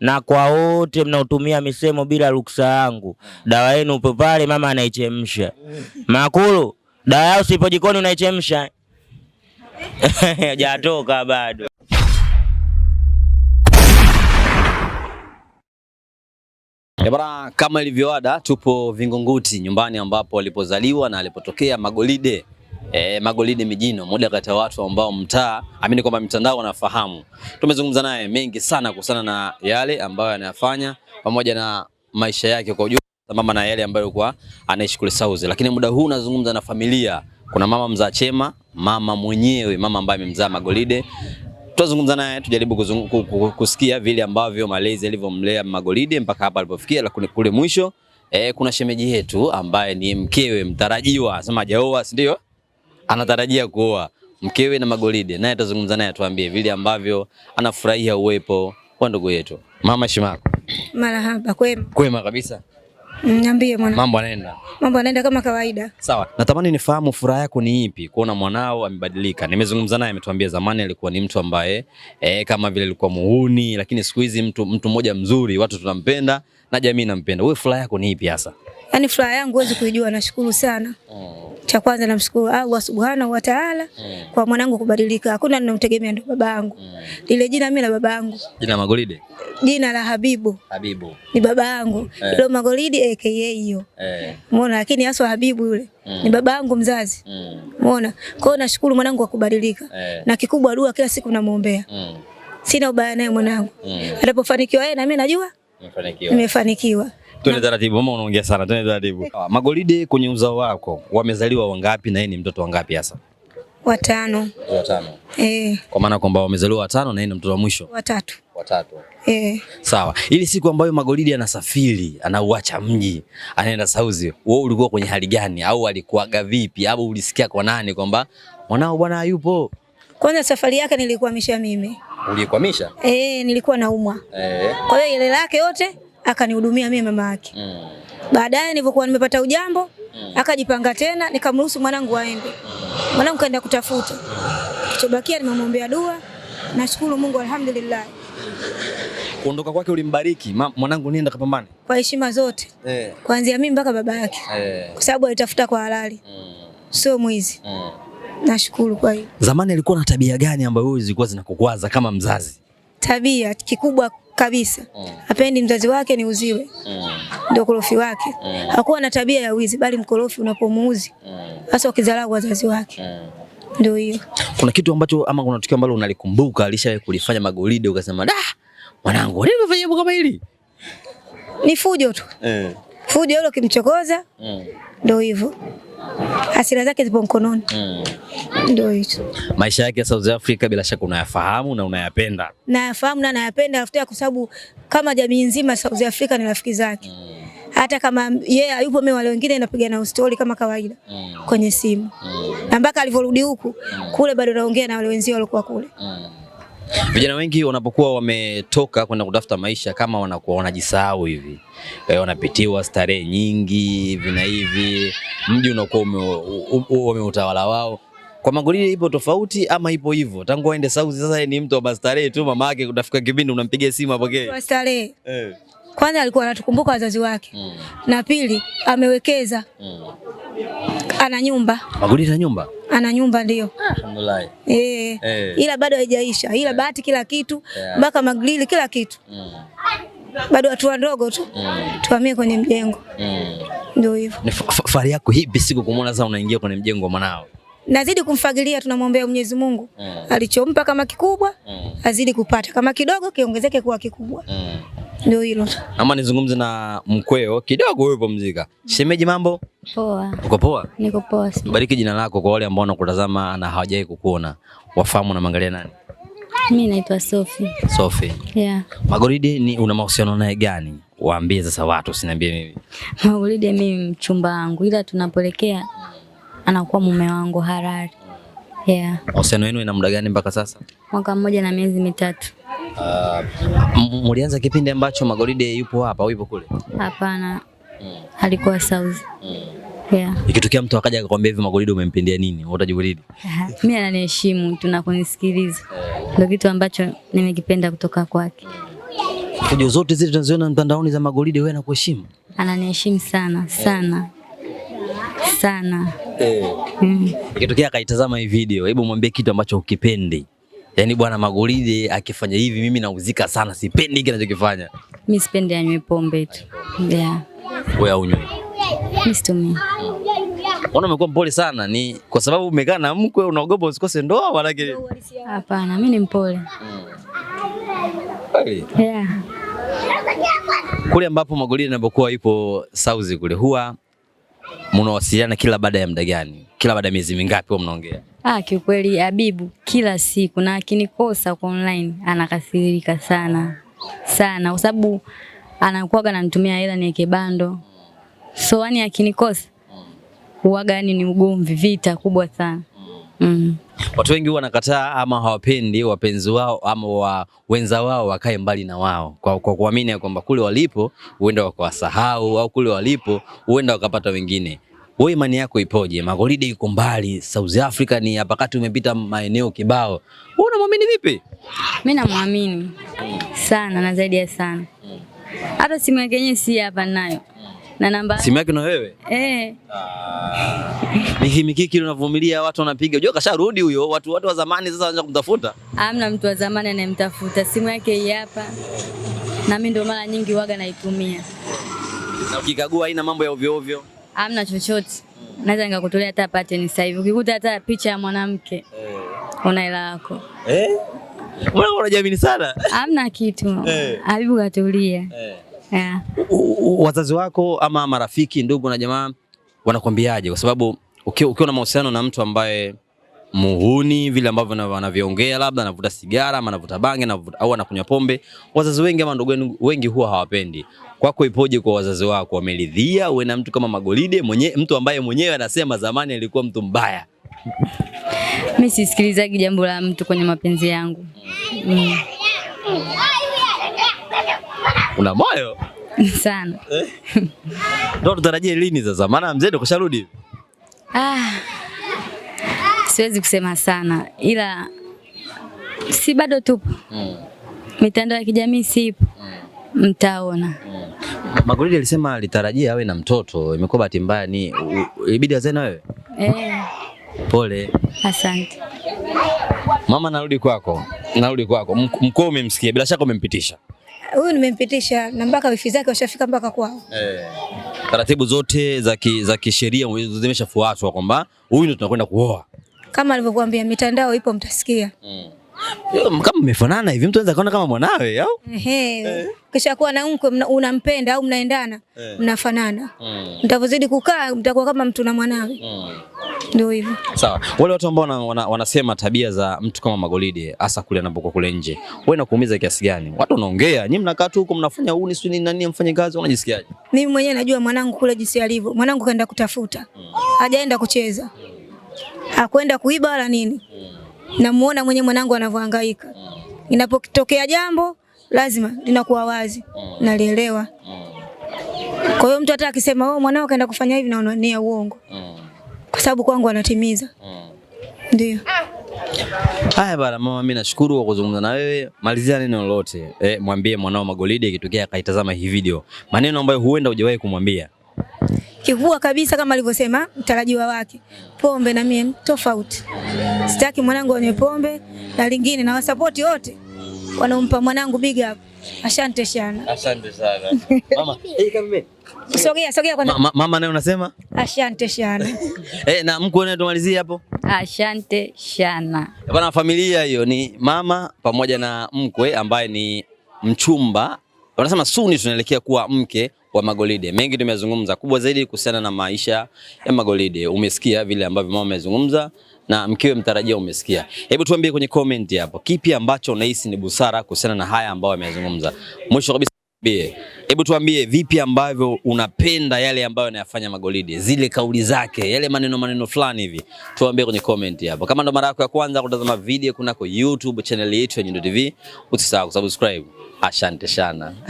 na kwa wote mnaotumia misemo bila ruksa yangu, dawa yenu upo pale, mama anaichemsha. Makulu, dawa yao sipo jikoni, unaichemsha hajatoka bado. Ebara, kama ilivyoada, tupo Vingunguti, nyumbani ambapo alipozaliwa na alipotokea Magolide E, Magolide Mijino, moja kati ya watu ambao mtaa amini kwamba mitandao wanafahamu. Tumezungumza naye mengi sana kuhusiana na yale ambayo anayafanya pamoja na maisha yake kwa ujumla, sambamba na yale ambayo alikuwa anaishi kule Saudi, Lakini muda huu nazungumza na familia, kuna mama mzaa chema, mama mwenyewe, mama ambaye amemzaa Magolide tutazungumza naye tujaribu kusikia vile ambavyo malezi yalivyomlea Magolide mpaka hapa alipofikia, lakini kule mwisho e, kuna shemeji yetu ambaye ni mkewe mtarajiwa, sema hajaoa, si ndio? anatarajia kuoa mkewe na Magolide, naye atazungumza naye, atuambie vile ambavyo anafurahia uwepo wa ndugu yetu. Mama Shimako, marahaba. Kwema? Kwema kabisa. Mm, niambie mwana. Mambo yanaenda. Mambo yanaenda kama kawaida. Sawa. Natamani nifahamu furaha yako ni ipi kuona mwanao amebadilika. Nimezungumza naye ametuambia zamani alikuwa ni mtu ambaye e, kama vile alikuwa muhuni, lakini siku hizi mtu mtu mmoja mzuri, watu tunampenda na jamii nampenda. Wewe furaha yako ni ipi hasa? Yaani furaha yangu huwezi kuijua. Nashukuru sana mm. Cha kwanza namshukuru Allah subhanahu wa taala mm. kwa mwanangu kubadilika, hakuna ninamtegemea, ndo babangu mm. lile jina mimi la babangu, jina Magolide, jina la Habibu, Habibu ni babangu eh. Ile Magolide aka hiyo eh. Umeona, lakini hasa Habibu yule mm. ni babangu mzazi mm. umeona mm. Kwa hiyo nashukuru mwanangu kwa kubadilika eh. na kikubwa dua kila siku namuombea mm. sina ubaya naye mwanangu mm. atapofanikiwa yeye na mimi najua Mm nimefanikiwa. Twende taratibu mama, unaongea sana, twende taratibu. Eh. Ah, Magolide, kwenye uzao wako wamezaliwa wangapi na yeye ni mtoto wangapi hasa? Watano. Watano. Eh. Kwa maana kwamba wamezaliwa watano na yeye ni mtoto wa mwisho. Watatu. Watatu. Eh. Sawa. Ili siku ambayo Magolide anasafiri, anauacha mji, anaenda Saudi, wewe ulikuwa kwenye hali gani au alikuaga vipi au ulisikia kwa nani kwamba mwanao bwana hayupo? Kwanza safari yake nilikwamisha mimi. Ulikwamisha? Eh, nilikuwa naumwa. Eh. Kwa hiyo ile lake yote akanihudumia mimi mama yake. Mm. Baadaye nilipokuwa nimepata ujambo mm. akajipanga tena nikamruhusu mwanangu aende. Mwanangu kaenda kutafuta. Kichobakia nimemwombea dua. Nashukuru Mungu alhamdulillah. Kuondoka kwake ulimbariki, mwanangu nienda kapambane kwa heshima zote eh, kuanzia mimi mpaka baba yake eh, kwa sababu alitafuta kwa halali mm. sio mwizi mm nashukuru kwa hiyo. Zamani alikuwa na tabia gani ambayo wewe zilikuwa zinakukwaza kama mzazi? Tabia kikubwa kabisa mm. Apendi mzazi wake ni uziwe mm. Ndio korofi wake mm. Hakuwa na tabia ya wizi, bali mkorofi unapomuuzi mm. hasa mm. Ukidharau wazazi wake mm. Ndio hiyo. Kuna kitu ambacho ama kuna tukio ambalo unalikumbuka alishawahi kulifanya Magolide ukasema da, mwanangu nilifanya jambo kama hili? Ni fujo tu mm. Fujo hilo kimchokoza mm ndio hivyo hasira zake zipo mkononi mm. Ndio hicho maisha yake ya South Africa, bila shaka unayafahamu na unayapenda. Nayafahamu na nayapenda, afuta kwa sababu kama jamii nzima South Africa ni rafiki zake mm. Hata kama yeye yeah, hayupo, mimi wale wengine napiga nao stori kama kawaida mm. kwenye simu mm. na mpaka alivyorudi huku mm. kule bado naongea na wale wenzio waliokuwa kule mm. Vijana wengi wanapokuwa wametoka kwenda kutafuta maisha kama wanakuwa wanajisahau hivi e, wanapitiwa starehe nyingi hivi na hivi, mji unakuwa umeutawala wao. Kwa Magolile ipo tofauti ama ipo hivyo tangu waende sauzi? Sasa ni mtu wa starehe tu, mama yake kutafika kipindi unampigia simu apokee starehe eh kwanza alikuwa anatukumbuka wazazi wake mm. na pili amewekeza mm. ana nyumba aguliza nyumba ana nyumba ndio, alhamdulillah eh, eh. ila bado haijaisha ila eh. bahati kila kitu eh. mpaka yeah. magrili kila kitu mm. bado hatua ndogo tu mm. tuhamie kwenye mjengo mm. ndio hivyo. Fahari yako hii siku kumuona sasa unaingia kwenye mjengo mwanao nazidi kumfagilia, tunamwombea Mwenyezi Mungu mm. alichompa kama kikubwa mm. azidi kupata, kama kidogo kiongezeke kuwa kikubwa mm. Ndio hilo. Ama nizungumze na mkweo kidogo, wewe pumzika. Mm. Shemeji, mambo poa? Uko poa? Niko poa. Bariki jina lako kwa wale ambao wanakutazama na hawajai kukuona, wafahamu na mangalia nani? Mimi naitwa Sophie. Sophie. Yeah. Magoridi ni una mahusiano naye gani? Waambie sasa watu, usiniambie mimi. Magoridi mimi mchumba wangu, ila tunapolekea anakuwa mume wangu halali. Yeah. Uhusiano wenu ina muda gani mpaka sasa? Mwaka mmoja na miezi mitatu. Uh, mlianza kipindi ambacho Magoride yupo hapa au yupo kule? Hapana. Hmm. Alikuwa South. Hmm. Yeah. Ikitokea mtu akaja akakwambia hivi Magoride umempendia nini? Utajibuliidi? mi ananiheshimu, kunisikiliza Ndio kitu ambacho nimekipenda kutoka kwake. Video zote zile tunaziona mtandaoni za Magoride wewe anakuheshimu? Ananiheshimu sana sana. Yeah sana eh. Mm. Ikitokea akaitazama hii video, hebu mwambie kitu ambacho ukipendi. Yaani bwana Magolide akifanya hivi mimi nauzika sana, sipendi hiki anachokifanya. Mimi sipendi anywe pombe tu. Yeah. Wewe unywe Ona umekuwa mpole sana, ni kwa sababu umekaa na mkwe unaogopa usikose ndoa wala kile? Hapana, mimi ni mpole. Kweli? Yeah. Kule ambapo Magolide anapokuwa ipo Sauzi kule huwa mnawasiliana kila baada ya muda gani? Kila baada ya miezi mingapi huwa mnaongea? Ah, kiukweli Habibu kila siku, na akinikosa kwa online anakasirika sana sana, kwa sababu anakuwaga ananitumia hela niweke bando, so yani akinikosa uwaga yani ni ugomvi, vita kubwa sana. Mm. Watu wengi huwa wanakataa ama hawapendi wapenzi wao ama wa, wenza wao wakae mbali na wao kwa kuamini ya kwamba kule walipo huenda wakawasahau au kule walipo huenda wakapata wengine. Wewe imani yako ipoje? Magolide yuko mbali, South Africa ni hapa kati, umepita maeneo kibao, wewe unamwamini vipi? Mimi namwamini sana na zaidi ya sana, hata simu yake yenyewe si hapa nayo na namba simu yake na wewe eh. Ah. Miki mikiki unavumilia, watu wanapiga, unajua kasharudi huyo. Watu watu wa zamani sasa wanaanza kumtafuta. amna mtu wa zamani anayemtafuta, simu yake hii hapa, na mimi ndio mara nyingi waga naitumia, na ukikagua haina mambo ya ovyo ovyo, amna chochote. Naweza nikakutolea hata pattern sasa hivi, ukikuta hata picha ya mwanamke eh, una hela yako eh, mbona unajiamini sana? Amna kitu, eh. Habibu katulia eh yeah. Wazazi wako ama marafiki, ndugu na jamaa wanakwambiaje? Kwa sababu ukiwa ukiwa na mahusiano na mtu ambaye muhuni vile ambavyo wanavyoongea, labda anavuta sigara ama anavuta bangi au anakunywa pombe, wazazi wengi ama ndugu wengi huwa hawapendi. Kwako ipoje? Kwa wazazi wako wameridhia uwe na mtu kama Magolide mwenye, mtu ambaye mwenyewe anasema zamani alikuwa mtu mbaya? Mimi sisikilizagi jambo la mtu kwenye mapenzi yangu mm. Una moyo sana eh? ndio tutarajie lini sasa, maana mzee ndio kusharudi? Ah, siwezi kusema sana, ila si bado tupo mm. mitandao ya kijamii sipo mm. mtaona mm. Magulili alisema alitarajia awe na mtoto, imekuwa bahati mbaya, ni ibidi azae na wewe eh. Pole, asante mama. Narudi kwako, narudi kwako. Mkuu umemsikia bila shaka, umempitisha huyu nimempitisha na mpaka wifi zake washafika mpaka kwao. Eh, taratibu zote za kisheria zimeshafuatwa kwamba huyu ndio tunakwenda kuoa, kama alivyokuambia mitandao ipo, mtasikia mm kama mmefanana hivi mtu anaweza kaona kama mwanawe au ehe. Eh. Kisha kuwa na mkwe unampenda au mnaendana eh. mnafanana, mm. mtavozidi kukaa mtakuwa kama mtu na mwanawe, mm. ndio hivyo. Sawa, wale watu ambao wanasema tabia za mtu kama Magolide hasa kule anapokuwa kule nje, wewe inakuumiza kiasi gani? Watu wanaongea, nyinyi mnakaa tu huko mnafanya uni sio nini, mfanye kazi, unajisikiaje? Mimi mwenyewe najua mwanangu kule jinsi alivyo. Mwanangu kaenda kutafuta, mm. hajaenda kucheza, hakwenda kuiba wala nini namuona mwenye mwanangu anavyohangaika. Inapotokea jambo lazima linakuwa wazi, nalielewa. Kwa hiyo mtu hata akisema wewe oh, mwanao kaenda kufanya hivi, naona ni uongo, kwa sababu kwangu anatimiza. Ndio. Haya bana mama, mimi nashukuru kwa kuzungumza na wewe. Malizia neno lolote, eh, mwambie mwanao Magolide ikitokea akaitazama hii video, maneno ambayo huenda hujawahi kumwambia kikubwa kabisa kama alivyosema mtarajiwa wake, pombe na mimi tofauti. Sitaki mwanangu anywe pombe, na lingine na wasapoti wote wanaompa mwanangu big up. Asante sana. Asante sana. Mama, hey, kama Sogea, sogea kwanza. Ma, mama naye unasema? Asante sana. Eh, na mkwe naye tumalizie hapo. Asante sana. Bwana, familia hiyo ni mama pamoja na mkwe ambaye ni mchumba. Wanasema suni tunaelekea kuwa mke wa Magolide. Mengi tumezungumza, kubwa zaidi kuhusiana na maisha ya Magolide. Umesikia vile ambavyo mama amezungumza na mkiwe mtarajia umesikia. Hebu tuambie kwenye comment hapo, kipi ambacho unahisi ni busara kuhusiana na haya ambayo amezungumza. Mwisho kabisa tuambie. Hebu tuambie vipi ambavyo unapenda yale ambayo anayafanya Magolide, zile kauli zake, yale maneno maneno fulani hivi, tuambie kwenye comment hapo. Kama ndo mara yako ya kwanza kutazama video kunako YouTube channel yetu ya Nyundo TV, usisahau kusubscribe. Asante sana.